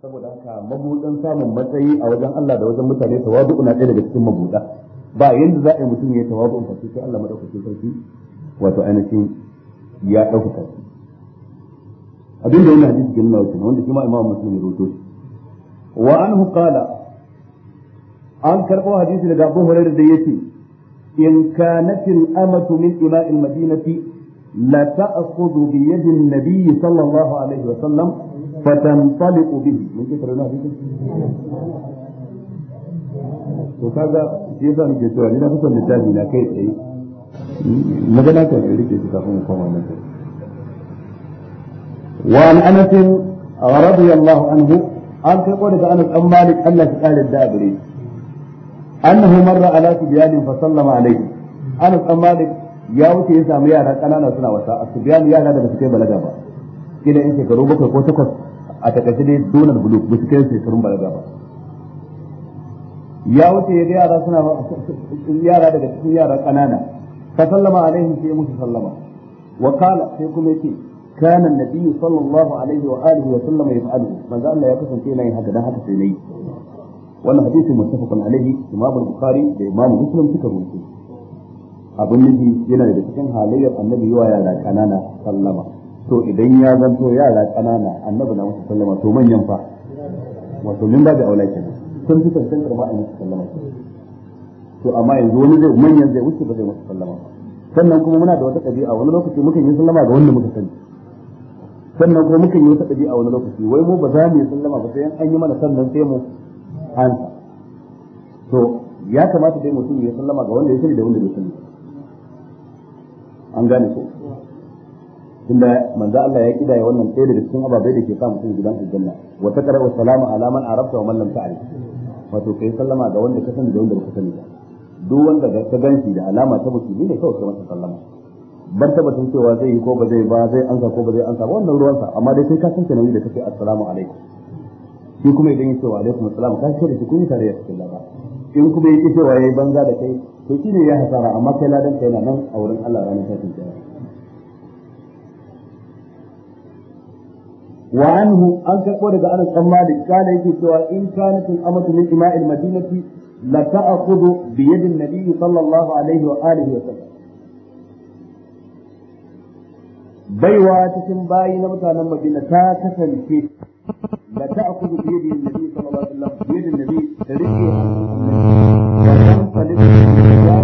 saboda haka mabudan samun matsayi a wajen Allah da wajen mutane tawadu na ɗaya daga cikin mabuda ba yanda za a yi mutum ya tawadu fa sai Allah madaukakin sarki wato ainihin ya ɗaukaka shi abin da yana hadisi gina wa kenan wanda kuma imamu muslim ya rawaito shi wa anhu qala an karɓo hadisi daga Abu Hurairah da yace in kanatil amatu min ima'il madinati la ta'khudhu bi yadi an-nabiy sallallahu alaihi wa sallam فتنطلق به من كيف رأينا بك؟ وكذا جيزا نجدوها لنا فتن نجاز من أكيد أي مجانا كان إيه؟ يريد يتكفون فما نجد وعن أنس رضي الله عنه أنت يقول إذا أنس أم مالك أن لا تقال الدابري أنه مر على سبيان فسلم عليه أنس أم مالك ya wuce ya samu yara kanana suna wasa a subiyan yara da suke balaga ba kina in a takaice dai donar bulu ba su kai su shekarun balaga ba ya wuce ya ga yara suna yara daga cikin yara kanana fa sallama alaihim sai musu sallama wa qala sai kuma yake kana annabi sallallahu alaihi wa alihi wa sallama yaf'alu manzo Allah ya kasance yana yin haka dan haka sai nayi wannan hadisi muttafaqun alaihi imam al-bukhari da imam muslim suka rubuta abin nufi yana da cikin halayyar annabi wa yara kanana sallama to idan ya zanto yara ƙanana annabi na musu sallama to manyan fa wato min ba da aula ke sun fi tantantar ba a musu sallama to amma yanzu wani zai manyan zai wuce ba zai musu sallama sannan kuma muna da wata ɗabi'a wani lokaci mukan yi sallama ga wanda muka sani sannan kuma mukan yi wata ɗabi'a wani lokaci wai mu ba za mu yi sallama ba sai an yi mana sannan sai mu ansa to ya kamata dai mutum ya sallama ga wanda ya sani da wanda bai sani an gane ko tunda manzo Allah ya kidaya wannan ɗaya daga cikin ababai da ke sa mutum gidan aljanna wa taqra'u salama ala man arafta wa man lam ta'rif wato kai sallama ga wanda ka sani da wanda ka sani duk wanda ka ganshi da alama ta buki ne kawai kai masa sallama ban tabbatar cewa zai yi ko ba zai ba zai ansa ko ba zai ansa ba wannan ruwansa amma dai sai ka san kenan da kake assalamu alaikum shi kuma idan ya ce wa alaikum assalam ka ce da shi kun tare da cikin lada in kuma ya ce cewa yayi banza da kai to shine ya hasara amma kai ladan kai na nan a wurin Allah ranar tashin kiyama wa anhu an karbo daga Anas dan Malik kana yake cewa in kanat al-amatu min ima'il madinati la ta'khudhu bi yadi an-nabi sallallahu wa alihi wa sallam baiwa cikin bayi na mutanen Madina ta kasance la ta'khudhu bi yadi an-nabi sallallahu alaihi wa sallam bi da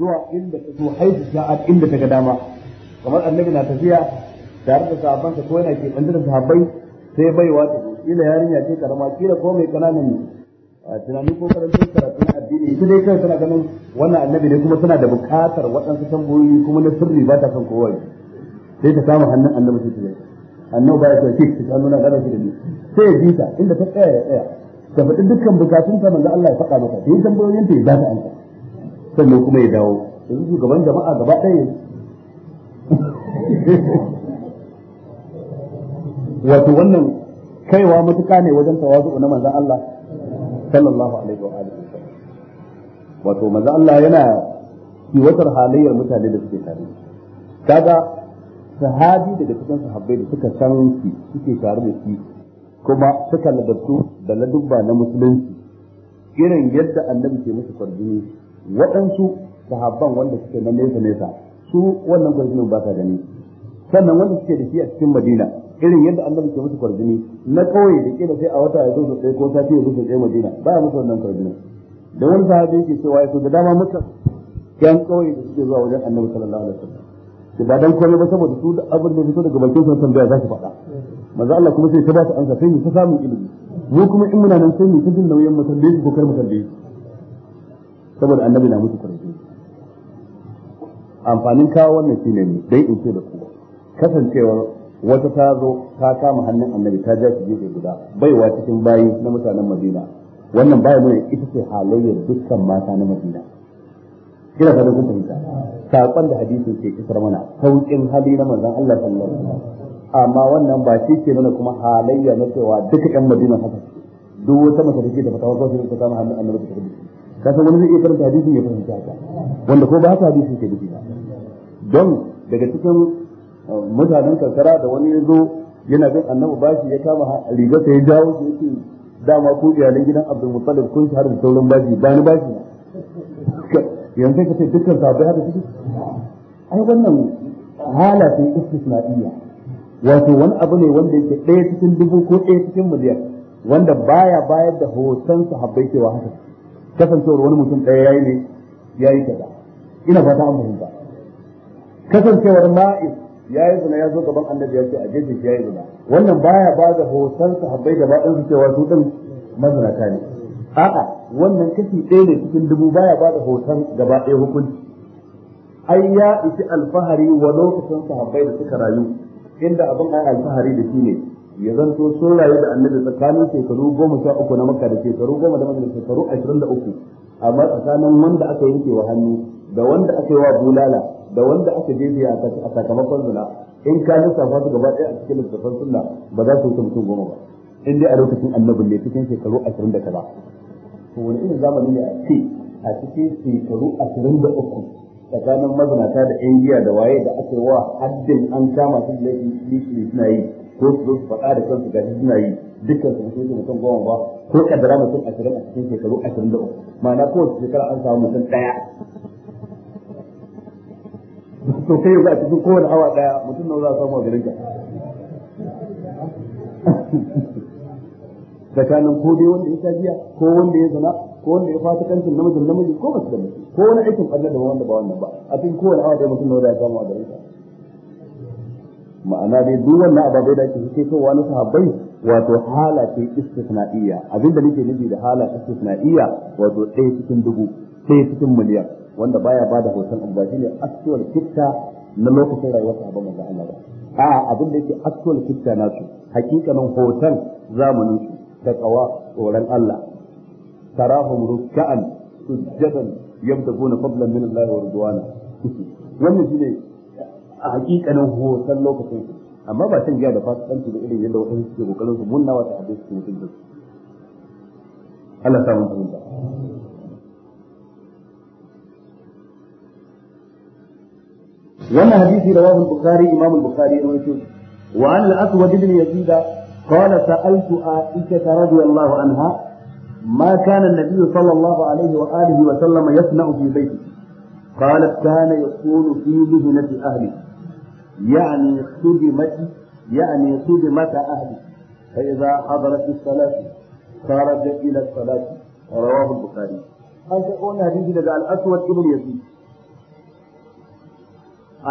zuwa inda ta so haihu inda ta ga dama kamar annabi na tafiya tare da sahabbansa ko yana keɓanta da sahabbai sai baiwa ta zo kila yarinya ce karama kila ko mai ƙananan ne a tunanin ko karatun karatu na addini ita dai kai suna ganin wannan annabi ne kuma suna da buƙatar waɗansu tambayoyi kuma na sirri ba ta son kowa sai ta samu hannun annabi sai ta yi annabi ba ya ce ki ta nuna ganin shi da ni sai ya ji ta inda ta tsaya ya tsaya ta faɗi dukkan ta manzo Allah ya faɗa maka ta yi tambayoyin ta ya za ta amsa sannan kuma ya dawo yanzu shugaban jama'a gaba ɗaya wato wannan kaiwa matuƙa ne wajen tawazu na manzon Allah sallallahu alaihi wa alihi wato manzon Allah yana kiwatar halayyar mutane da suke tare kaga sahabi daga cikin sahabbai da suka san shi suke tare da shi kuma suka ladabtu da ladubba na musulunci irin yadda annabi ke musu kwarjini, waɗansu sahabban wanda suke na nesa nesa su wannan kwarjinin ba sa gani sannan wanda suke da shi a cikin madina irin yadda annabi ke musu kwarjini na kawai da kila sai a wata ya zo su tsaye ko sati ya zo su tsaye madina ba ya musu wannan kwarjini da wani sahabi yake cewa ya so da dama muka yan kawai da suke zuwa wajen annabi sallallahu alaihi wasallam da ba dan komai ba saboda su da abin da fito daga bakin sun tambaya za su faɗa manzo Allah kuma sai ta ba su ansa sai mu ta samu ilimi mu kuma in muna nan sai mu ta jin nauyin mu tambaye ko kar mu tambaye saboda annabi na musu kwarjini amfanin kawo wannan shine ne dai in ce da ku kasancewar wata ta zo ta kama hannun annabi ta ja shi gefe guda baiwa cikin bayi na mutanen madina wannan bayan mai ita ce halayyar dukkan mata na madina kira fatan dukkan fahimta saƙon da hadisin ke kisar mana Sauƙin hali na manzon Allah sallallahu alaihi amma wannan ba shi ke nuna kuma halayya na cewa duka ƴan madina haka duk wata mace ke da fatawa ko ta kama hannun annabi ta rubuta ka san wani zai iya karanta hadisin ya fahimta haka wanda ko ba haka hadisin ke duki ba don daga cikin mutanen karkara da wani ya zo yana bin annabi bashi ya kama riga ta ya jawo shi yake dama ku iyalan gidan Abdul mutalib kun har da sauran bashi ba ni bashi yanzu ka ce dukkan sabai haka ciki? ai wannan hala sai iya. wato wani abu ne wanda yake ɗaya cikin dubu ko ɗaya cikin miliyan wanda baya bayar da hoton sahabbai cewa haka kasancewar wani mutum ɗaya yayi ne yayi kaza ina fata an fahimta kasancewar ma'is ya yi zina ya zo gaban annabi ya ce a jeje ya yi zina wannan baya ba da hoton sahabbai da ba'in su cewa su din mazinata ne a'a wannan kashi ɗaya ne cikin dubu baya ba da hoton gaba ɗaya hukunci ai ya isi alfahari wa lokacin sahabbai da suka rayu inda abin ai alfahari da shi ne ya zanto sun rayu da annabi tsakanin shekaru goma sha uku na makka da shekaru goma da madina shekaru ashirin da uku amma tsakanin wanda aka yanke wa hannu da wanda aka yi wa bulala da wanda aka jefe a sakamakon zina in ka lissafa su gaba ɗaya a cikin littafin sunna ba za su wuce mutum goma ba in dai a lokacin annabin ne cikin shekaru ashirin da kaza to wani irin zamani ne a ce a cikin shekaru ashirin da uku tsakanin mazinata da yan giya da waye da aka yi wa haddin an kama su da laifi suna yi ko su zo su faɗa da kansu gashi suna yi dukkan su mutum mutum goma ba ko kaddara mutum ashirin a cikin shekaru ashirin da uku ma'ana kowace shekara an samu mutum ɗaya to kai yanzu a cikin kowane awa daya mutum na za a samu a garin ka tsakanin ko dai wanda ya tafiya ko wanda ya zana ko wanda ya fata kancin namijin namiji ko ba su da mutum ko wani aikin ɓarnar da wanda ba wannan ba a cikin kowane awa daya mutum na za a samu a garin ka ma'ana dai duk wannan ababai da ke kai kowa na sahabbai wato hala ce istisna'iyya abinda nake nufi da hala istisna'iyya wato ɗaya cikin dubu ɗaya cikin miliyan wanda baya ba da hoton abu ba shine actual picture na lokacin rayuwar sahabban manzon Allah ba a abin da yake actual picture nasu hakikanin hoton zamanin su da tsawa tsoron Allah tarahum ruk'an sujjadan yabtaguna fadlan min Allah wa ridwana wannan shine a hakikanin hoton lokacin su amma ba san giya da fasikanci da irin yadda wasu suke kokarin su munna wa sahabbai su mutunta Allah ta mun fahimta وانا hadisi رواه البخاري امام البخاري al-bukhari الاسود بن يزيد قال سألت عائشة رضي الله عنها ما كان النبي صلى الله عليه وآله وسلم يصنع في بيته قالت كان يكون في مهنة أهله يعني صدمت يعني صدمت أهله فإذا حضرت الصلاة خرج إلى الصلاة رواه البخاري أنت قلنا قال الأسود ابن يزيد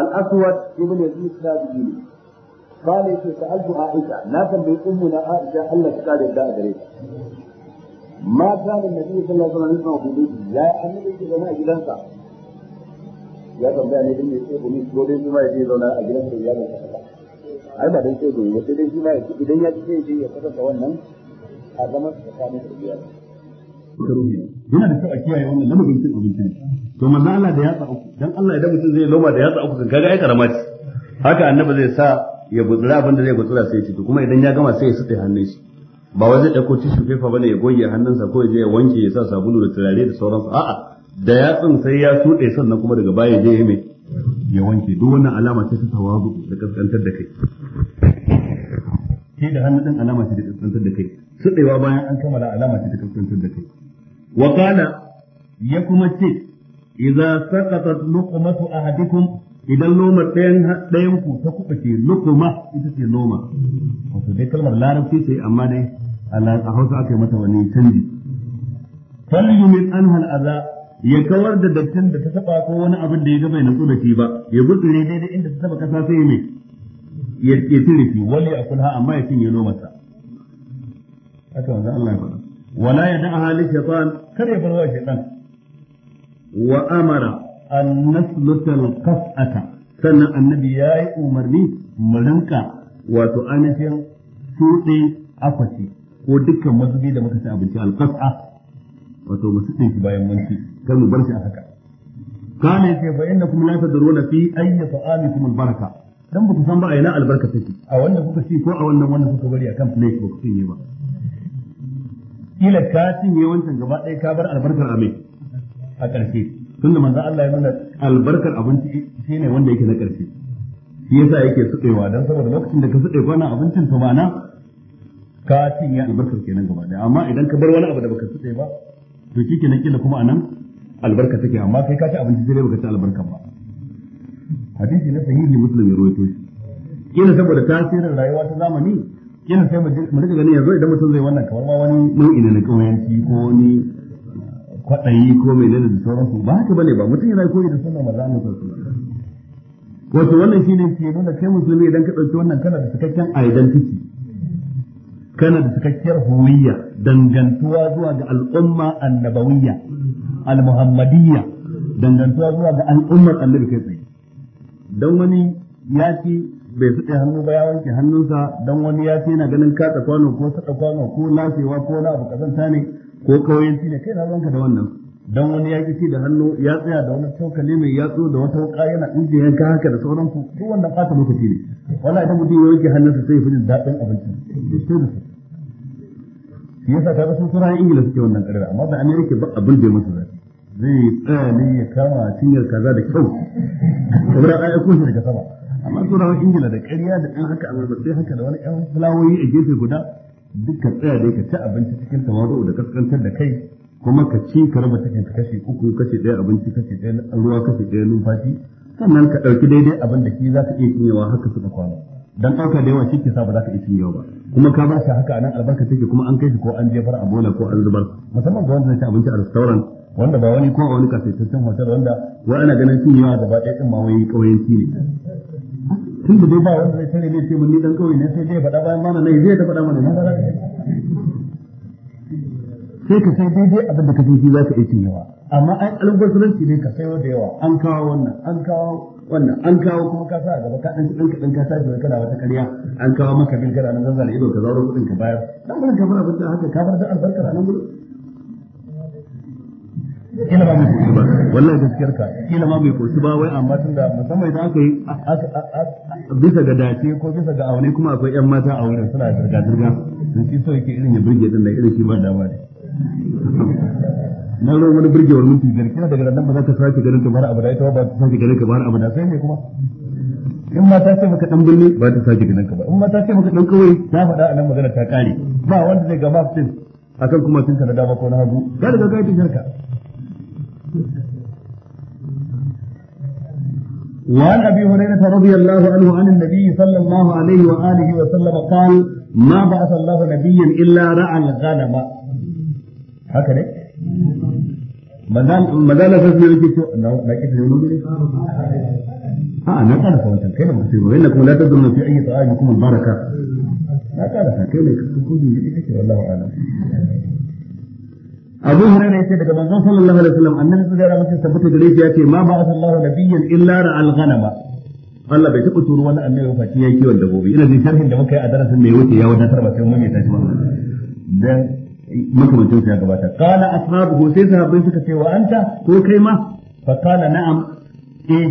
الأسود ابن يزيد سابقيني قال سألت عائشة لا تنبي أمنا عائشة ألا تقال الداء دريد ما كان النبي صلى الله عليه وسلم في بيته لا أمني في غناء جلنسا يا تنبي أن يدني سيب ومي سيبولين بما يدني غناء جلنسا يا نسا ai ba dan sai goyi ba ما يجي shi يجي idan ya ci sai shi ya يا رب a zaman tsakanin da iyali. Yana da kyau kiyaye wannan lamarin cin abinci to manzo Allah da yatsa uku dan Allah idan mutum zai loma da yatsa uku kan kaga ai karama ce haka annabi zai sa ya gutsura abin da zai gutsura sai ya ci kuma idan ya gama sai ya sute hannun shi ba wai zai dauko tissue paper bane ya goge hannunsa ko ya je ya wanke ya sa sabulu da turare da sauransu a'a da yatsun sai ya tude sannan kuma daga baya je ya mai ya wanke duk wannan alama ce ta tawazu da kaskantar da kai sai da hannu din alama ce ta kaskantar da kai sudewa bayan an kammala alama ce ta kaskantar da kai wa kana ya kuma ce idza saqatat luqmatu ahadikum idan noma ɗayan ɗayan ku ta kuɓa ce lukuma ita ce noma wato dai kalmar larabci ce amma dai a hausa aka yi mata wani canji falyu min anhal aza ya kawar da dattin da ta taba ko wani abin da ya ga bai nutsu da ba ya gutsure daidai inda ta taba kasa sai mai ya ya tire amma ya noma ya Wa'amara amara an nasluta al-qas'ata sannan annabi yayi umarni mu rinka wato ainihin tuɗe akwati ko dukkan mazubi da muka ci abinci al-qas'a wato mu tuɗe bayan mun ci kar shi a haka fi dan ba ku san ba ina albarka take a wannan kuka ci ko a wannan wannan kuka bari akan plate ko ku yi ba kila ka cinye wancan gaba ɗaya ka bar albarkar amin a ƙarshe tunda manzan Allah ya nuna albarkar abinci ne wanda yake na ƙarshe shi yasa yake suɗewa don saboda lokacin da ka suɗe kwana abincin to mana ka cinye albarkar kenan gaba daya amma idan ka bar wani abu da baka suɗe ba to kike na kila kuma anan albarka take amma kai ka ci abinci sai baka ci albarka ba hadisi na sahihi muslim ya rawaito shi kila saboda tasirin rayuwa ta zamani kila sai mu riga ganin yanzu idan mutum zai wannan kamar ma wani nau'i ne na kauyanci ko wani kwaɗayi ko menene da sauransu ba haka bane ba mutum yana koyi da sunan maza Allah sallallahu alaihi wato wannan shine ke nuna kai musulmi idan ka ɗauki wannan kana da cikakken identity kana da cikakkiyar huwiyya dangantuwa zuwa ga al'umma annabawiyya al-muhammadiyya dangantuwa zuwa ga al'umma annabi kai tsaye dan wani ya ce bai suɗe hannu ba ya wanke hannunsa dan wani ya ce yana ganin katsa kwano ko saɗa kwano ko lafewa ko na abu kazanta ne ko shi ne kai na zanka da wannan dan wani ya kici da hannu ya tsaya da wani taukali mai yatsu da wata wuka yana injin yanka haka da sauran ku. duk wannan fata lokaci ne wala idan mutum ya wuce hannunsa sai ya fi jin daɗin abinci da da shi yasa ta rasu sura yin ingila suke wannan ƙarar amma da amerika ba abin da ya masa Zai zai tsaya ne ya kama cinyar kaza da kyau kamar an aiko shi daga sama amma turawan ingila da ƙarya da ɗan haka a sai haka da wani ƴan fulawoyi a gefe guda dukkan tsaya dai ka ci abinci cikin tawadu da kaskantar da kai kuma ka ci ka raba cikin kashi uku kashi ɗaya abinci kashi ɗaya ruwa kashi ɗaya numfashi sannan ka ɗauki daidai abin da shi za ka iya cinyewa haka suka kwana dan ɗauka da yawa shi ke sa ba za ka iya cinyewa ba kuma ka ba shi haka anan nan albarka take kuma an kai shi ko an jefar a bola ko an zubar musamman ga wanda zai ci abinci a restaurant wanda ba wani ko a wani kasaitaccen hotel wanda wa ana ganin cinyewa gaba ɗaya ɗin ma wai ƙauyenci ne tun da dai ba wanda zai tare ne ce mun ni dan kawai ne sai dai faɗa bayan mana nai zai ta faɗa mana na zara sai ka sai daidai abin da ka san shi za ka iya yawa amma ai albazuranci ne ka sayo da yawa an kawo wannan an kawo wannan an kawo kuma ka sa a gaba ka dan kadan kadan ka tashi kana wata ƙarya an kawo maka bil kana nan zanzara ido ka zauro kudin ka bayar dan gurin ka bar abin da haka ka bar da albarka nan gurin kila ma bai koshi ba wallahi gaskiyar ka kila ma bai koshi ba wai amma tunda musamman idan aka yi bisa ga dace ko bisa ga aure kuma akwai yan mata a wurin suna zirga zirga sun ci so yake irin ya burge din da irin shi ba dama ne na ruwan wani burgewar minti biyar kina daga nan ba za ka sake ganin ka bar abada ita ba ta sake ganin ka bar abada sai ne kuma in ma ta ce maka dan birni ba ta sake ganin ka ba in ma ta ce maka dan kawai ta faɗa a nan magana ta kare ba wanda zai gaba map akan kuma sun ka dama ko na hagu ga daga ga ita jarka وعن أبي هريرة رضي الله عنه عن النبي صلى الله عليه وآله وسلم قال ما بعث الله نبيا إلا رعى الغنم هكذا maza na sassu ne yake na kisa ne wani gure a na ƙara sa wancan kai da masu yi na kuma la na kuma baraka na ka abu hurairah yace daga manzon sallallahu alaihi wasallam annabi sallallahu alaihi wasallam tabbata gare shi yace ma ba'a nabiyyan illa ra'al ghanama Allah bai taɓa turo wani annabi kiwon dabbobi ina jin sharhin da muka yi a darasin da wuce ya wadatar ba sai mun mai tashi ba dan A ya gabata qala ashabuhu sai sahabbai suka ce wa anta ko kai ma fa qala na'am eh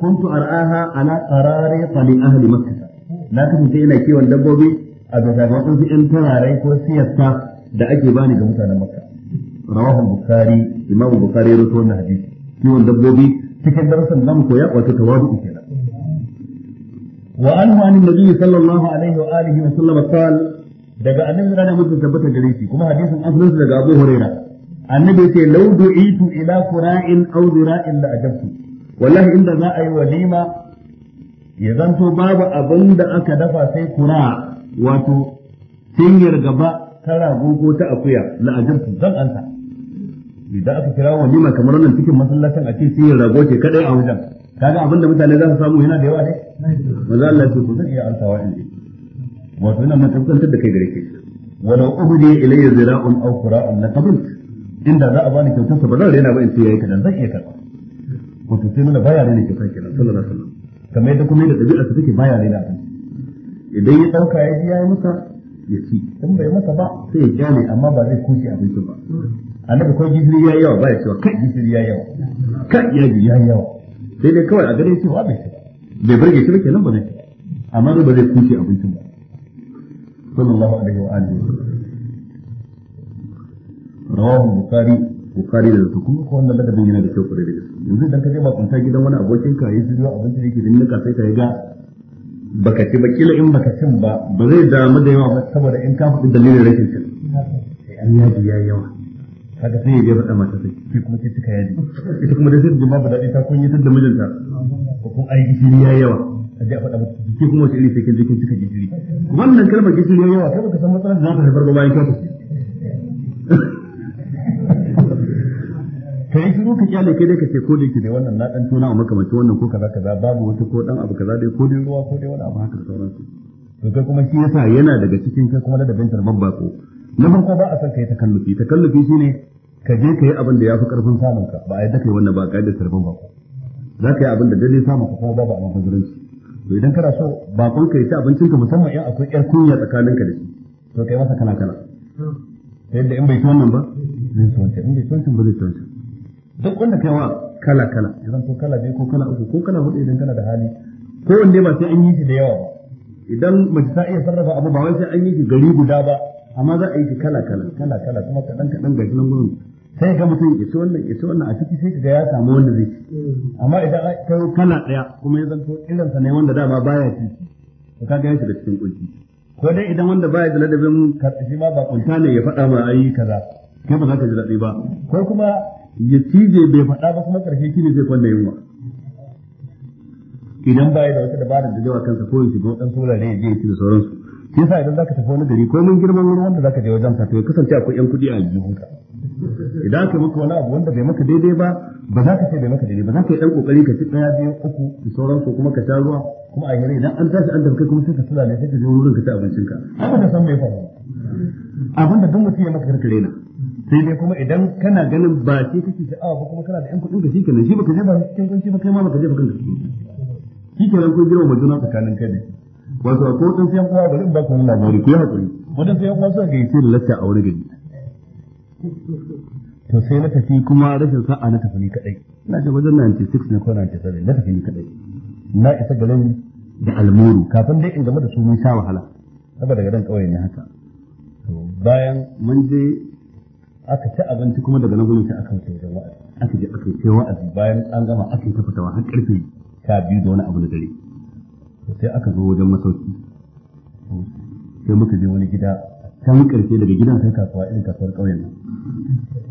kuntu ar'aha ala qarari ahli makkah na kasance ina kiwon dabbobi a zazzaban su in ko siyasta da ake bani ga mutanen makka rawahu bukhari imamu bukhari ya rawaito wannan hadisi kiwon dabbobi cikin darasin zamu koya wato tawadu kenan وعنه عن النبي صلى الله عليه وآله وسلم قال daga annabi rana mutum tabbata gare shi kuma hadisin asalin daga Abu Huraira annabi yace law du'itu ila qura'in aw dira'in la ajabtu wallahi inda za a yi walima ya zanto babu abin da aka dafa sai kura wato cinyar gaba ta rago ko ta akuya la ajabtu zan ansa idan aka kira ma kamar wannan cikin masallacin a ce sai rago ke kadai a wajen kaga abinda mutane za su samu yana da yawa ne Maza Allah ya ce ku zan iya antawa in ji wato ina mun tabbatar da kai gare ki walau ubdi ilayya zira'un aw qura'un la qabult inda za a bani kyautar sa ba zan rena ba in ce yayi kadan zan iya karba wato sai nuna baya ke kyautar kenan sallallahu alaihi wasallam kamar yadda kuma da dabi'a su take baya da kan idan ya dauka ya ji yayi masa ya ci dan bai masa ba sai ya kyale amma ba zai kushe abin ba annabi ko gishiri ya yawa ba ya cewa kan gishiri ya yawa kan yaji ya yawa sai dai kawai a gare shi ba bai ci bai burge shi ba kenan ba zai amma ba zai kuce abincin ba sallallahu alaihi wa alihi rawahu bukhari bukhari da su kuma wannan ladabin yana da kyau kwarai da gaske yanzu idan ka ga ba kunta gidan wani abokin ka yi zuwa abincin yake da nika sai ka ga baka ci ba kila in baka cin ba ba zai damu da yawa ba saboda in ka faɗi dalilin rashin cin sai an yaji ya yawa haka sai ya je faɗa mata sai sai kuma sai cika yaji ita kuma da sai da babu daɗi ta kunyatar da mijinta ko kuma ai gishiri ya yawa a a faɗa mata ke kuma wace iri sai kin je kin cika gishiri wannan kalmar gishiri ya yawa kai baka san matsalar da za ta haifar ba bayan kyautu ka yi shiru ka kyale kai dai ka ce ko da yake dai wannan na dan tona maka mace wannan ko kaza kaza babu wata ko dan abu kaza dai ko dai ruwa ko dai wani abu haka sauransu to kai kuma shi yasa yana daga cikin kai kuma da dabin tarbar bako na farko ba a ka yi takallufi takallufi ne ka je ka yi abin da fi karfin samun ka ba a yadda yi wannan ba ka da sarfin ba za ka yi abin da dare samun ka kuma babu a fazuranci to idan kana so bakon ka yi ta abincin ka musamman in akwai yar kunya tsakanin ka da shi to yi masa kana kana ta yadda in bai ci wannan ba zai ci wancan in bai ci wancan ba zai ci wancan duk wanda ka wa kala kala idan ko kala biyu ko kala uku ko kala hudu idan kana da hali ko wanda ba sai an yi shi da yawa ba idan mace ta iya sarrafa abu ba wai sai an yi shi gari guda ba amma za a yi kala kala kala kala kuma kaɗan kaɗan ga gidan gurin sai ga mutum ya ci wannan ya ci wannan a ciki sai ga ya samu wanda zai ci amma idan ka kai kala ɗaya kuma ya zanto sa ne wanda dama baya ci to ka ga ya shiga cikin kunci ko dai idan wanda baya da ladabin shi ma ba kunta ne ya faɗa ma ayi kaza kai ba za ka ji daɗi ba ko kuma ya cije bai faɗa ba kuma karshe shi ne zai kwanda yunwa idan baya da wata dabara da jawa kansa ko ya shiga kula wurare ya je ya ci da sauransu shi yasa idan zaka tafi wani gari ko mun girman ruwan wanda zaka je wajen sa to kasance akwai yan kudi a aljihunka idan aka maka wani abu wanda bai maka daidai ba ba za ka ce bai maka daidai ba za ka yi dan kokari ka ci daya biyu uku da sauran ko kuma ka ta ruwa kuma a hira idan an tashi an tafi kuma sai ka tsala ne sai ka je wurin ka ci ka haka da san mai faru abin da duk mutum ya maka karkare na sai dai kuma idan kana ganin ba shi kake sha'awa ba kuma kana da yan kudin ka shikenan shi baka je ba cikin kunci ba kai ma baka je ba kanka kenan kun girma majuna tsakanin kai da shi wato ko dan sai kuma bari in ba ku labari ku yi hakuri wadan sai kuma suka gaishe da lacca a wani gari to sai na tafi kuma rashin sa'a na tafi ni kadai na ce wajen 96 ne ko 97 na tafi ni kadai na isa garin da almuru kafin dai in game da su mun sha wahala saboda garin kauye ne haka to bayan mun je aka ci abinci kuma daga nan gurin sai aka wuce wajen wa'azi aka je aka yi wa'azi bayan an gama aka yi ta fitawa har karfe sha biyu da wani abu na dare sai aka zo wajen masauki sai muka je wani gida can karshe daga gidan sai kasuwa irin kasuwar ƙauyen nan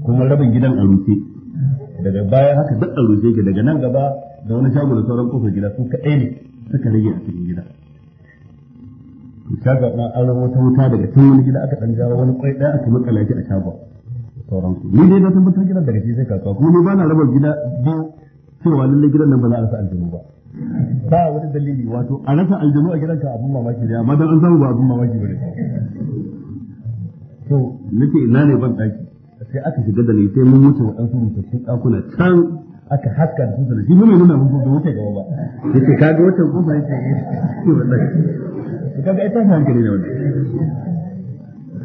kuma rabin gidan a rufe daga baya haka duk a rufe ga daga nan gaba da wani shago da sauran kofar gida su kaɗai ne suka rage a cikin gida shagon na an rawo ta wuta daga tun wani gida aka ɗan jawo wani kwai ɗaya aka kuma shi a shagon ku ni dai na tabbatar gidan daga shi sai kasuwa kuma ni ba na raba gida biyu cewa lallai gidan nan ba za a sa aljanu ba ba wani dalili wato a rasa aljanu a gidanka abun mamaki ne amma dan an samu ba abun mamaki bane to nake ina ne ban daki sai aka shiga da ni sai mun wuce waɗansu rutattun ɗakuna can aka haska da kusa da shi mun nuna mun gobe wuce gaba ba yace kaga wata kofa eh. yace wallahi kaga ita hankali ne wannan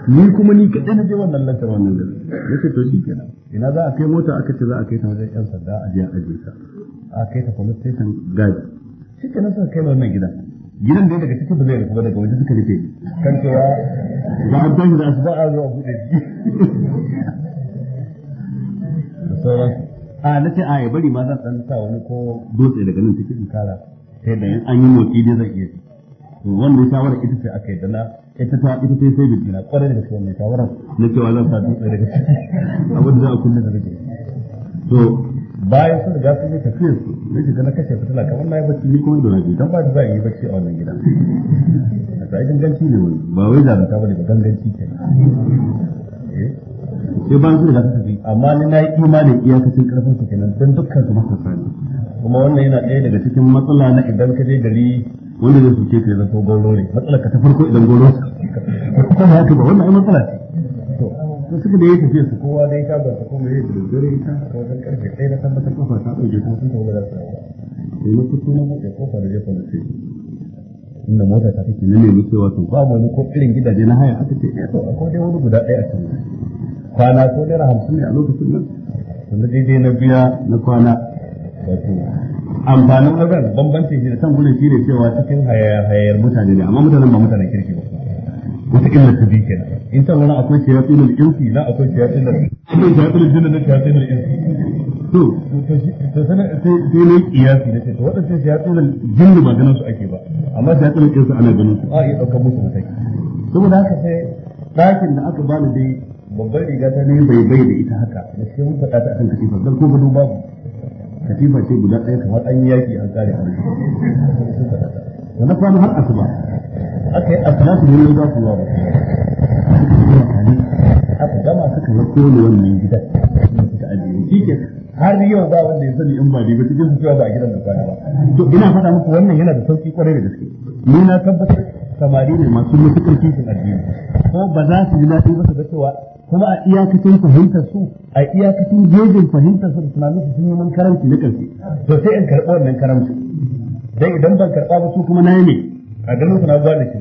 ni kuma ni kaɗai na je wannan lantar wannan da ya ce to shi kenan ina za a kai mota aka ce za a kai ta wajen yan sanda a je a ta a kai ta police station shi nan suka kai wannan gidan gidan da daga cikin ba zai rufu daga wajen suka rufe kan cewa za a tashi da asuba a zuwa buɗe sauransu a na ce a yi bari ma zan ɗan sa wani ko dutse daga nan cikin kara sai da an yi motsi dai zan iya to wannan shawarar ita ce aka yi da na ita ta ita ta sai bikina kwarai da gaske wannan shawarar na cewa zan sa dutse daga ciki abin da za a kulle da rage to bayan sun riga sun yi tafiyar su ne shiga na kashe fitila kamar na yi bacci ni kuma idona biyu don ba za a yi bacci a wannan gidan a sai ganganci ne wani ba wai ta ba ne ba ganganci ke eh? sai bayan sun riga sun tafi amma ni na yi imanin iyakacin karfin su kenan don dukkan su masu sani kuma wannan yana ɗaya daga cikin matsala na idan ka je gari wanda zai suke ka zanto goro ne matsalar ka ta farko idan goro ka kuma haka ba wannan ai matsala ce to suka da ya su kowa dai ka bata kuma da dare kan haka wajen karfe ɗaya na tabbata kofa ta ɗauke ko sun kawo da na fito kofa da jefa da sai inda mota ta take cewa to ba ko irin gidaje na haya aka ce eh to akwai dai wani guda ɗaya a kwana ko hamsin ne a lokacin nan sannan daidai na biya na kwana amfanin wajen bambancin shi da can gudun shi ne cewa cikin hayar mutane ne amma mutanen ba mutanen kirki ba wata illa ta biyu na in ta wani akwai shayatin al-insi na akwai shayatin al-akwai shayatin al-jinna na shayatin al-insi to to sana sai sai ne kiyasi ce to wadannan shayatin al-jinni ba ganin su ake ba amma shayatin al-insi ana ganin su a yi dauka musu mataki saboda haka sai ɗakin da aka bani dai babbar riga ta ne bai bai da ita haka da sai mun faɗa ta akan katifa dan ko gado babu katifa ce guda ɗaya kamar an yi yaki an kare hannu da na kwana har asuba aka yi asalatu da wani ba su ba aka gama suka yi kone wannan gida suka ajiye shi ke har yau ba wanda ya sani in ba dai ba cikin su cewa ba a gidan da kwana ba to ina faɗa muku wannan yana da sauki kwarai da gaske ni na tabbatar samari ne masu mutukar kishin addini ko ba za su ji daɗi ba su ga cewa kuma a iyakacin fahimtar su a iyakacin gejin fahimtar su da tunanin su sun yi man karamci na ƙarfi to sai in karɓi wannan karamci dan idan ban karɓa ba su kuma na yi ne a ganin suna na ba da shi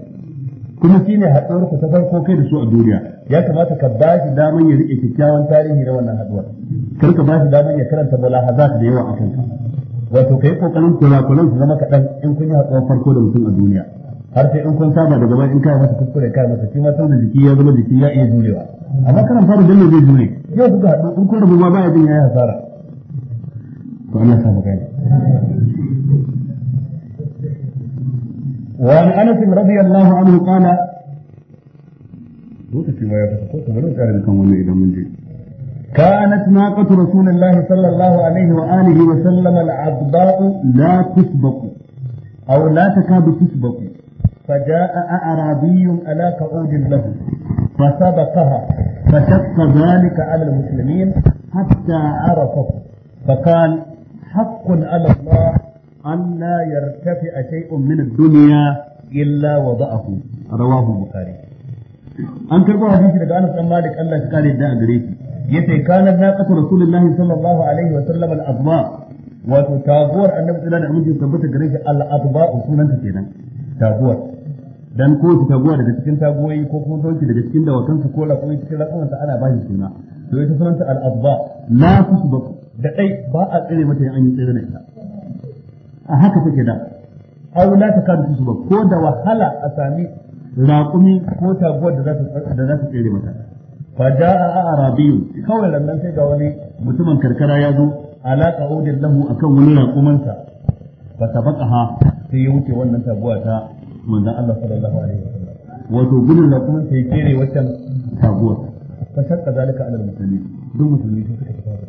kuma shine haɗuwar ku ta farko kai da su a duniya ya kamata ka ba shi daman ya rike kyakkyawan tarihi na wannan haɗuwar kar ka ba shi daman ya karanta mulahazat da yawa a kanka wato kai kokarin kurakuran su zama kaɗan in kun yi haɗuwar farko da mutum a duniya har sai in kun saba daga baya in kai masa kuskure kai masa shi ma san jiki ya zama jiki ya iya jurewa amma karan fara dalle zai jure yau kuka haɗu in kun rabu ma ya jin hasara to ya sa mu وعن انس رضي الله عنه قال كانت ناقة رسول الله صلى الله عليه وآله وسلم العضباء لا تسبق أو لا تكاد تسبق فجاء أعرابي على قعود له فسبقها فشق ذلك على المسلمين حتى عرفه فقال حق على الله an la yartafi shay'un min ad-dunya illa wa wada'ahu rawahu bukhari an karbo hadisi daga Anas bin Malik Allah ya kare da gare shi yace kana naqatu rasulullahi sallallahu alaihi wa sallam al-adba wato taguwar annabi sallallahu alaihi wasallam tabbata gare shi al-adba sunanta kenan taguwar dan ko ta taguwa daga cikin taguwoyi ko kuma sauki daga cikin dawakan su ko lakoyi cikin lakoyin sa ana bashi suna to ita sunanta al-adba la tusbaq da dai ba a tsire mata an yi tsire da ita a haka take da aw la takadu tusba ko da wahala a sami raƙumi ko taguwar da za ta da za ta tsere mata fa jaa arabiyyun kawai rannan sai ga wani mutumin karkara ya zo ala qa'udin lahu akan wani raƙumansa fa sabaqaha sai ya wuce wannan taguwa ta manzon Allah sallallahu alaihi wasallam wato gudun raƙuman sai tsere waccan taguwar fa shakka zalika ala musulmi duk musulmi sai suka tafi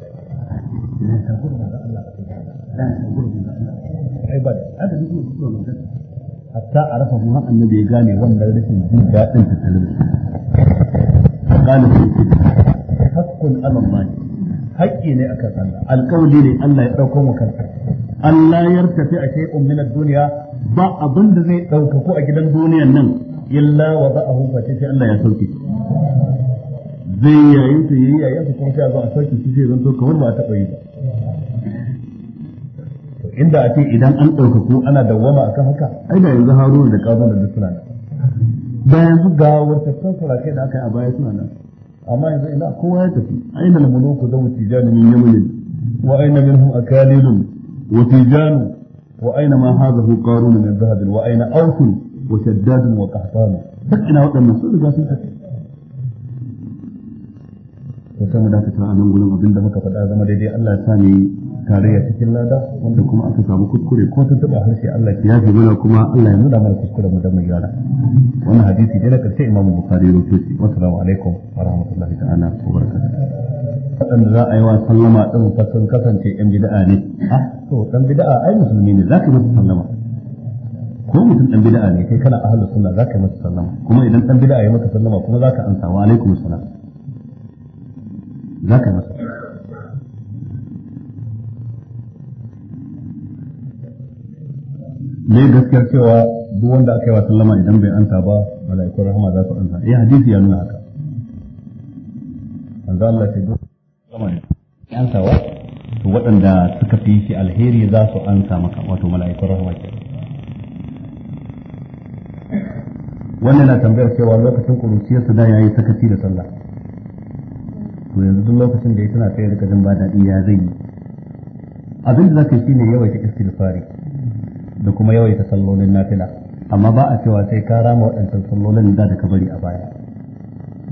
da taguwar manzon Allah da taguwar manzon Allah ai ba da haka duk su su rubuta hatta arafa kuma annabi ya gane wannan rashin jin dadin ta talabci kana su ce haqqun ala Allah haƙƙi ne akan Allah alƙawli ne Allah ya dauko mu kansa Allah ya tafi a shay'un min duniya dunya ba abin da zai ɗauka ko a gidan duniyan nan illa wa ba'ahu fa sai Allah ya sauke zai yayin sa yayi yayin sa kuma sai a zo a sauke shi zai zanto kamar ba a taɓa yi ba inda a ce idan an ɗaukaku ana dawwama akan haka ai da yanzu haruna da ƙaruna da suna nan da yanzu ga wartattun sarakai da aka yi a baya suna nan amma yanzu ina kowa ya tafi aina al-muluku da wutijani min yamin wa aina minhum akalilun wa tijanu wa aina ma hadhahu qarun min dhahab wa aina awf wa shaddad wa qahtan duk ina wadannan sun riga sun tafi to sai mu dakata a nan gurin abinda muka faɗa zama daidai Allah ya sa ne tarayya cikin lada wanda kuma aka samu kuskure ko ta taba harshe Allah ya yafe mana kuma Allah ya nuna mana kuskure mu dan mu gyara wannan hadisi ne na karshe Imam Bukhari ya rawaito shi assalamu alaikum wa rahmatullahi ta'ala wa barakatuh wadanda za a yi wa sallama din sun kasance yan bid'a ne ah to dan bid'a ai musulmi ne zaka yi masa sallama ko mutum dan bid'a ne kai kana ahlus sunna zaka yi masa sallama kuma idan dan bid'a ya maka sallama kuma zaka ansa wa alaikum assalam zaka yi masa dai gaskiyar cewa duk wanda aka yi wa sallama idan bai anta ba mala'ikun rahama za su anta eh hadisi ya nuna haka an Allah ce duk sallama ne antawa to waɗanda suka fi shi alheri za su anta maka wato mala'ikun rahama ke wannan na tambayar cewa lokacin kuruciyar su da yayi sakaci da sallah to yanzu duk lokacin da ya tana kai da jin ba daɗi ya zai yi abin da zaka yi shine yawaita fari. da kuma yawaita sallolin nafila amma ba a cewa sai ka rama waɗancan sallolin da da ka bari a baya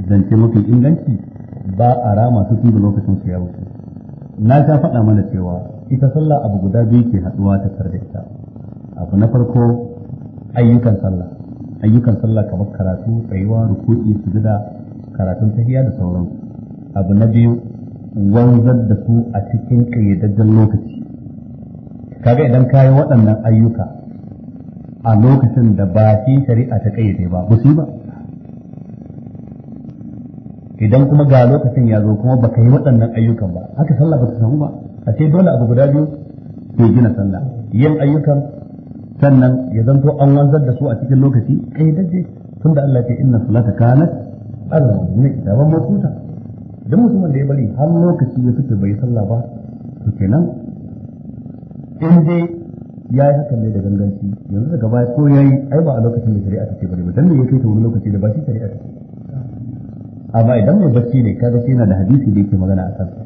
zance mafi inganci ba a rama su tun da lokacin su ya wuce na ta faɗa mana cewa ita sallah abu guda biyu ke haɗuwa ta tarda ita abu na farko ayyukan sallah ayyukan sallah kamar karatu tsayuwa ruku'i sujada karatun tahiya da sauransu abu na biyu wanzar da su a cikin ƙayyadajjen lokaci kaga idan ka yi waɗannan ayyuka a lokacin da ba shi shari'a ta kayyade ba ba su ba idan kuma ga lokacin ya zo kuma baka yi waɗannan ayyukan ba haka sallah ba ta samu ba a ce dole abu guda biyu ke gina sallah yin ayyukan sannan ya zanto an wanzar da su a cikin lokaci kayyadajje tun da Allah ya ce inna salata kanat Allah ne kitaban mafuta duk mutumin da ya bari har lokaci ya fice bai sallah ba to kenan in dai ya yi hakan ne da ganganci yanzu daga baya ko ya yi ai ba a lokacin da shari'a ta ce bane ba dan da ya kai ta wani lokaci da ba shi shari'a ta ce amma idan mai bacci ne kaga shi yana da hadisi da yake magana a kansa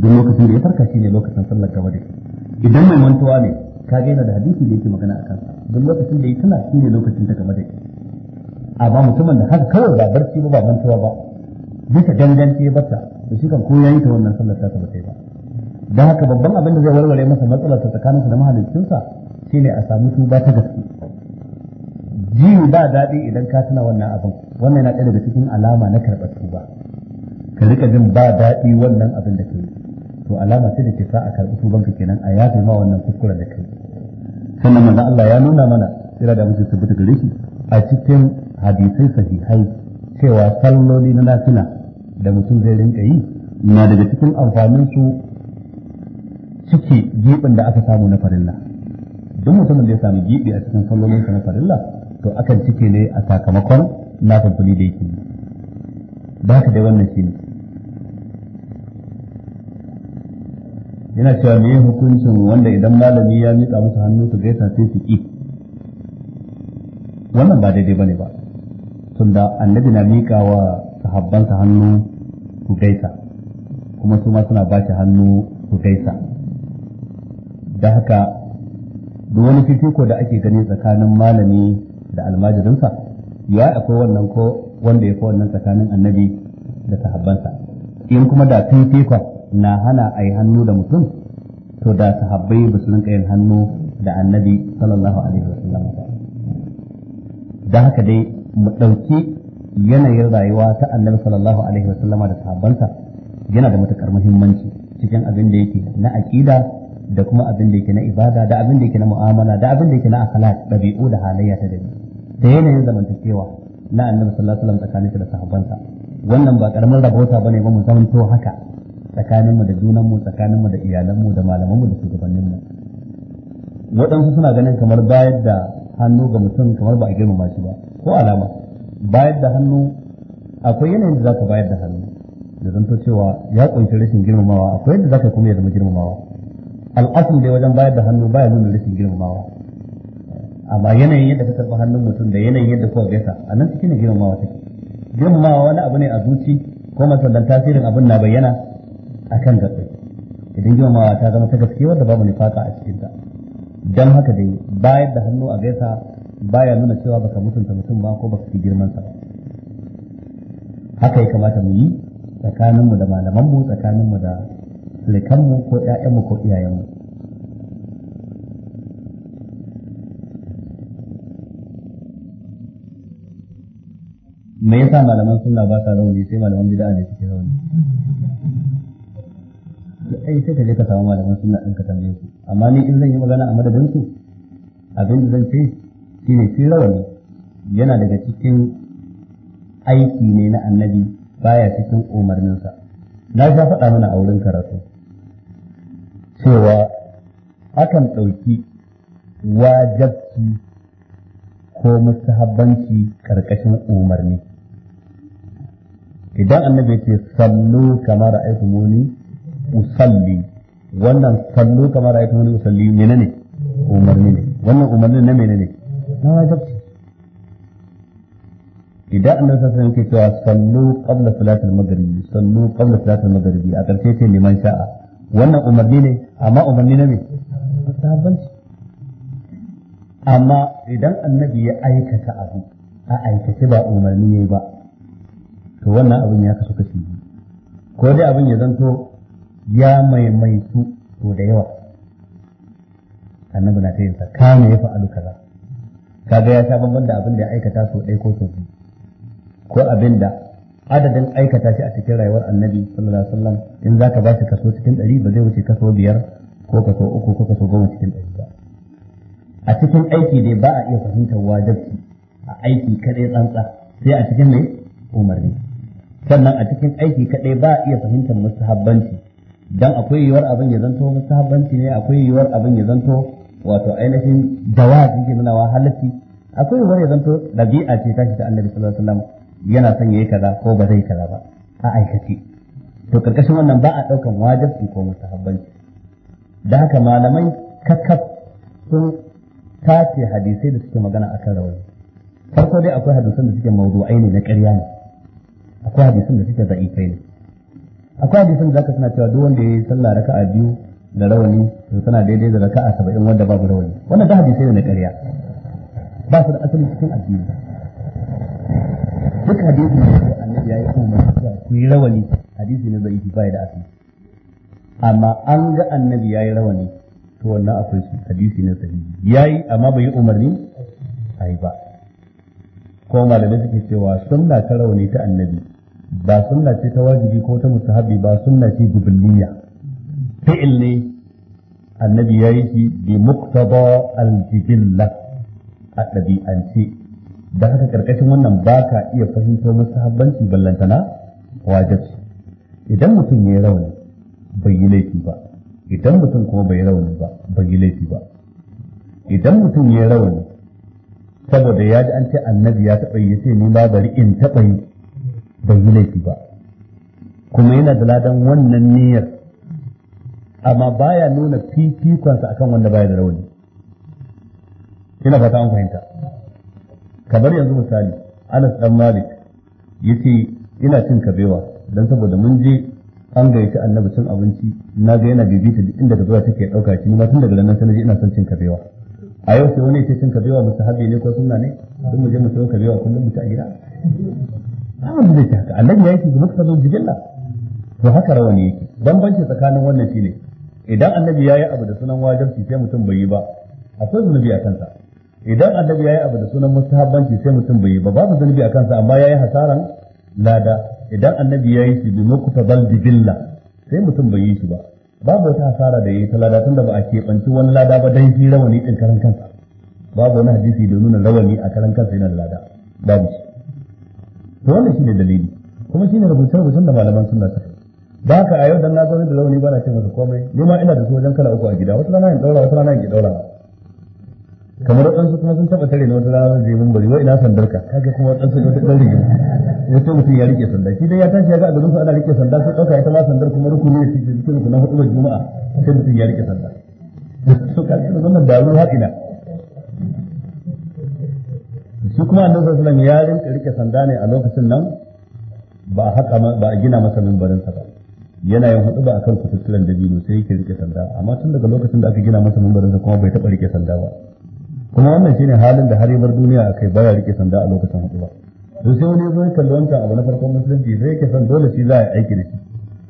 duk lokacin da ya farka shi ne lokacin sallar gaba da idan mai mantuwa ne kaga yana da hadisi da yake magana a kansa duk lokacin da ya tana shi ne lokacin ta gaba da amma mutumin da haka kawai ba barci ba ba mantuwa ba bisa ganganci ya bata da shi kan ko ya yi ta wannan sallar ta ba ta ba don haka babban abin da zai warware masa matsalar ta tsakaninsa da shi shine a samu tuba ta gaske ji ba daɗi idan ka tuna wannan abin wannan yana ɗaya daga cikin alama na karɓar tuba ka rika jin ba daɗi wannan abin da kai to alama ce da ke sa a karɓi tubanka kenan a yafe ma wannan kuskuren da kai sannan manzo Allah ya nuna mana ira da muke tabbata gare shi a cikin hadisai sahihai cewa salloli na nafila da mutum zai rinka yi na daga cikin amfanin su cike giɓin da aka samu na farilla duk mutumin da ya samu gibi a cikin sallolinsa na farilla to akan cike ne a sakamakon nafafuli da yake ba ka dai wannan shi ne yana cewa me hukuncin wanda idan malami ya miƙa musu hannu su gaisa sai su ƙi wannan ba daidai bane ba tunda annabi na miƙa wa sahabbansa hannu su gaisa kuma su ma suna ba shi hannu su gaisa da haka da wani fifiko da ake gani tsakanin malami da almajirinsa ya akwai wannan ko wanda ya fi wannan tsakanin annabi da sahabbansa in kuma da fifikon na hana a yi hannu da mutum to da sahabbai ba su rinka yin hannu da annabi sallallahu alaihi wa sallam da haka dai mu ɗauki yanayin rayuwa ta annabi sallallahu alaihi da sahabbansa yana da matukar muhimmanci cikin abin da yake na aƙida da kuma abin da yake na ibada da abin da yake na mu'amala da abin da yake na akhlaq dabi'u da halayya ta dabi da yanayin zamantakewa na annabi sallallahu alaihi wasallam tsakanin da sahabbansa wannan ba karamar rabota bane ba mu zamanto haka tsakanin mu da junan mu tsakanin mu da iyalan mu da malaman mu da shugabannin mu waɗansu suna ganin kamar bayar da hannu ga mutum kamar ba a girmama shi ba ko alama bayar da hannu akwai yanayin da zaka bayar da hannu da zanto cewa ya kunshi rashin girmamawa akwai yadda zaka kuma ya zama girmamawa al'asul da wajen bayar da hannu baya nuna rashin girmamawa amma yanayin yadda ka karɓi hannun mutum da yanayin yadda kowa gaisa a nan cikin girmamawa take girmamawa wani abu ne a zuci ko masallan tasirin abin na bayyana a kan gaɓe idan girmamawa ta zama ta gaske wadda babu nifaka a cikinta don haka dai bayar da hannu a gaisa baya nuna cewa baka mutunta mutum ba ko baka fi girmansa ba haka ya kamata mu yi tsakaninmu da malamanmu tsakaninmu da likanmu ko ‘ya'yanmu ko iyayenmu me yasa malaman suna ba sa rauni sai malaman gida ne suke rauni ai sai ka je ka samu malaman suna ɗin ka tambaye su amma ni in zan yi magana a madadin su abin da zan ce shi ne shi rauni yana daga cikin aiki ne na annabi baya cikin umarninsa na sha faɗa mana a wurin karatu cewa akan ɗauki wajabci ko mustahabbanci ƙarƙashin umarni idan annabi ce sallu kamar aiku muni usalli wannan sallu kamar aiku muni usalli ne umarni ne wannan umarni na ne na wajabci idan annabi sassa alaihi cewa sallu ƙabla salatul maghribi sallu ƙabla salatul maghribi a ƙarshe ce liman sha'a wannan umarni ne amma umarni na me amma idan annabi ya aikata abu a aikace ba umarni yi ba to wannan abin ya kasu kashi ko dai abin ya zanto ya maimaitu to da yawa annabi na tayin sa kana ya fa'alu kaza kaga ya sha bamban da abin da ya aikata so ɗaya ko so biyu ko abin da adadin aikata shi a cikin rayuwar annabi sallallahu alaihi wasallam in zaka ba shi kaso cikin ɗari ba zai wuce kaso biyar ko kaso uku ko kaso goma cikin ɗari ba a cikin aiki dai ba a iya fahimtar wajibi a aiki kaɗai tsantsa sai a cikin mai umarni sannan a cikin aiki kaɗai ba a iya fahimtar mustahabbanci dan akwai yiwuwar abin ya zanto mustahabbanci ne akwai yiwuwar abin ya zanto wato ainihin dawazi ke nuna wa halatti akwai yiwuwar ya zanto dabi'a ce tashi ta annabi sallallahu alaihi wasallam yana son yi kaza ko ba zai kaza ba a aikace to karkashin wannan ba a daukan wajibi ko musahabbanci da haka malamai kakkaf sun tace hadisai da suke magana akan rawani farko dai akwai hadisan da suke mawdu'ai ne na ƙarya ne akwai hadisan da suke da'ifai ne akwai hadisan da zaka suna cewa duk wanda yayi sallah raka'a biyu da rawani to tana daidai da raka'a 70 wanda babu rawani wannan da hadisai ne na ƙarya ba su da asali cikin addini duk hadisi da annabi ya yi umar ku yi rawani hadisi ne zai bai da asali amma an ga annabi ya yi rawani to wannan akwai su hadisi ne sahihi yayi amma bai yi umarni ai ba ko malamai suke cewa sunna ta rawani ta annabi ba sunna ce ta wajibi ko ta mustahabi ba sunna ce dubilliya fi'il ne annabi ya yi shi bi muktaba al-jibilla a ɗabi'ance da haka karkashin wannan ba ka iya fahimtar musahabbanci ballantana wajibi idan mutum ya yi rauni bai yi laifi ba idan mutum kuma bai rauni ba bai yi laifi ba idan mutum ya yi rauni saboda ya ji an ce annabi ya taɓa yi sai ni ma bari in taɓa yi bai yi laifi ba kuma yana da ladan wannan niyyar amma baya nuna fifikonsa akan wanda baya da rauni ina fata an fahimta kamar yanzu misali Anas dan Malik yace ina cin kabewa dan saboda mun je an yace annabi cin abinci na ga yana bibita duk inda kabewa take dauka shi ma tun daga nan sai ina son cin kabewa a yau sai wani yace cin kabewa mustahabi ne ko sunna ne duk mu je mu cin kabewa kullum mu ta gida amma zai ta haka annabi yake da muktazon jibilla to haka rawani yake bambanci tsakanin wannan shine idan annabi yayi abu da sunan wajibi sai mutum bai yi ba akwai zunubi a kansa idan annabi yayi abu da sunan mustahabbanci sai mutum bai yi ba babu zunubi a kansa amma yayi hasaran lada idan annabi yayi shi bi bal dibilla sai mutum bai yi shi ba babu wata hasara da yayi ta lada tunda ba a keɓanci wani lada ba dan shi rawani din karan kansa babu wani hadisi da nuna rawani a karan kansa yana da lada babu shi to wannan shine dalili kuma shine rubuce rubucen da malaman sunna ta ba ka a yau dan na zo da rawani ba na ce masa komai ni ma ina da su wajen kala uku a gida wata rana in daura wata rana in ki daura kamar waɗansu kuma sun taɓa tare na wata rana zai mun bari wai ina sandarka ka kaga kuma waɗansu ne wata ɗan rigima ya ce mutum ya rike sanda shi dai ya tashi ya ga a garin ana rike sanda sai ɗauka ita ma sandar kuma rukuni ya ce cikin rukunan hudu ba juma'a sai mutum ya rike sanda su ka ce wannan daru haɗi ina shi kuma annabi sallallahu alaihi wasallam ya rinka rike sanda ne a lokacin nan ba haka ba a gina masa mimbarin sa ba yana yin hudu ba akan kututturen dabino sai yake rike sanda amma tun daga lokacin da aka gina masa mimbarin sa kuma bai taɓa rike sanda ba kuma wannan shine halin da har duniya duniya kai baya rike sanda a lokacin haɗuwa to sai wani zai kalli wancan abu na farkon musulunci sai yake san dole shi za a yi aiki da shi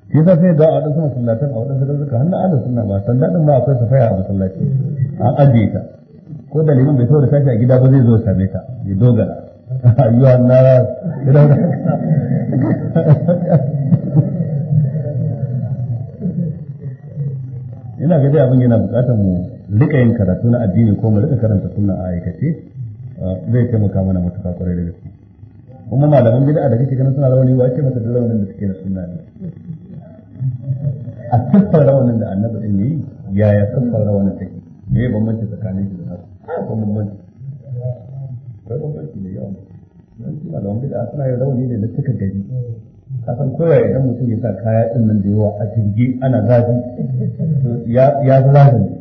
shi yasa sai ga a ɗan suna sallatan a wadansu da suka hannu ala suna ba sanda din ma akwai safaya a masallaci an ajiye ta ko da liman bai saboda tashi a gida ba zai zo same ta ya dogara ayyuhan nas ina ga dai abin yana bukatar mu duka yin karatu na addini ko mu duka karanta sunna a aikace uh, zai taimaka mana matuƙa kwarai da gaske kuma malaman bid'a da kake ganin suna rawani wa ake mata da rawanin da suke na sunna ne a tuffar rawanin da annabi din yayi yaya tuffar rawanin take me ya bambanci tsakanin shi da nasu ko bambanci ko bambanci ne yawa dan shi malaman bid'a suna yin rawani ne na suka gari kasan koya idan mutum ya sa kaya din nan da yawa a jirgi ana zafi ya zafi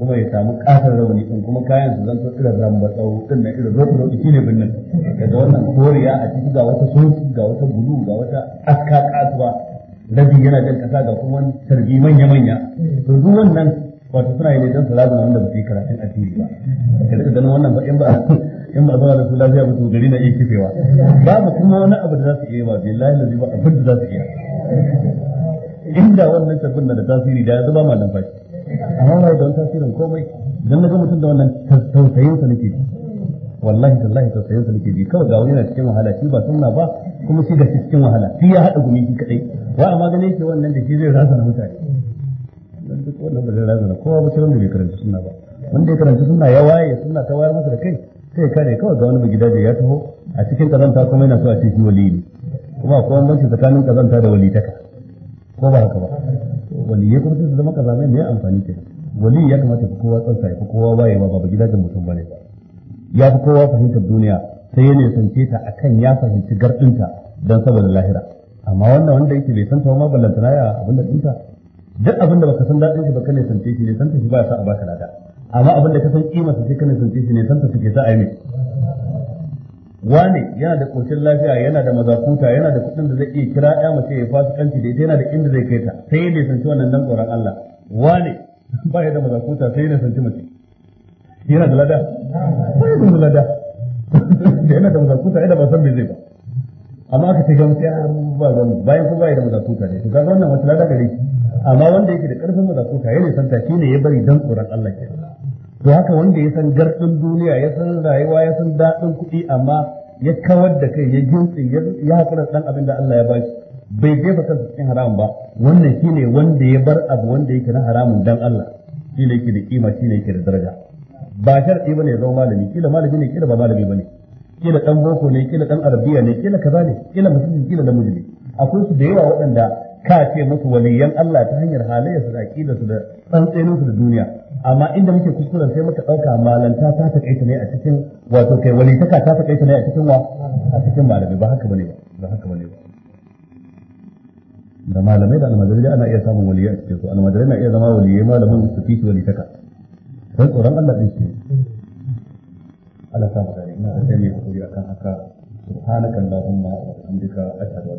kuma ya samu katon rauni din kuma kayan su zanto irin ba tsawo din nan irin rotu rotu shine binnin daga wannan koriya a ciki ga wata soki ga wata bulu ga wata aska kasuwa rabi yana jan kasa ga kuma sarbi manya manya to duk wannan wato suna yi don su razana wanda ba su yi karatun addini ba ka daga ganin wannan ba in ba in ba zama da su lafiya ba su gari na iya kifewa babu kuma wani abu da za su iya ba billahi lazi ba abin da za su iya inda wannan sabbin na da tasiri da ya zuba ma numfashi a wawaye don tasirin komai don naga mutum da wannan tausayin sa nake ji wallahi tallahi tausayin sa nake ji kawai ga wani yana cikin wahala shi ba sunna ba kuma shi da cikin wahala shi ya haɗa gumi shi kadai wa amma ganin ke wannan da shi zai rasa na mutane don duk wannan ba zai rasa na kowa ba wanda bai karanta sunna ba wanda ya karanta sunna ya waye sunna ta wayar masa da kai sai ya kare kawai ga wani mai gidaje ya taho a cikin kazanta kuma yana so a ce shi wali ne kuma akwai bambanci tsakanin kazanta da walitaka ko ba haka ba ya kuma su zama ne mai amfani ke wali ya kamata fi kowa tsansa ya fi kowa wayewa ba gida da mutum bane ba ya fi kowa fahimtar duniya sai ya nisance ta akan ya fahimci gardinta don saboda lahira amma wannan wanda yake bai san ta ma ballantana ya abin da dinta duk abin da baka san daɗin shi baka nisance shi ne ta shi ba ya sa a baka lada amma abin da ka san kima sai ka nisance shi ne santa suke sa a yi wane yana da koshin lafiya yana da mazakuta yana da kuɗin da zai iya kira ya mace ya fasu kanci da ita yana da inda zai kai ta sai ne sanci wannan nan tsoron Allah wane ba ya da mazakuta sai ne sanci mace yana da lada ba ya da lada da yana da mazakuta yana ba san me zai ba amma aka ce gamsu ya ba zan bayan ko ba da mazakuta ne to kaga wannan wata lada gare shi amma wanda yake da karfin mazakuta ya nisanta shi ne ya bari dan tsoron Allah kenan to haka wanda ya san gardin duniya ya san rayuwa ya san daɗin kuɗi amma ya kawar da kai ya gintsi ya haƙura ɗan abin da Allah ya ba shi bai jefa kansa cikin haramun ba wannan shine wanda ya bar abu wanda yake na haramun dan Allah Shi ne yake da kima shi ne yake da daraja ba sharɗi bane ya zama malami kila malami ne kila ba malami bane kila ɗan boko ne kila ɗan arabiya ne kila kaza ne kila musulmi kila namiji ne akwai su da yawa waɗanda ka ce musu waliyan Allah ta hanyar halayya su da aqida su da tsantsenin su da duniya amma inda muke kuskuren sai muka dauka malanta ta ta ne a cikin wato kai walitaka ta ta ne a cikin wa a cikin malami ba haka bane ba haka bane ba da malamai da almajirai ana iya samun waliyan a cikin su almajirai na iya zama waliyai malamin su fi shi walitaka sai tsoron Allah din shi Allah ta fara ina da sai mai hakuri akan haka allahumma wa bihamdika ashhadu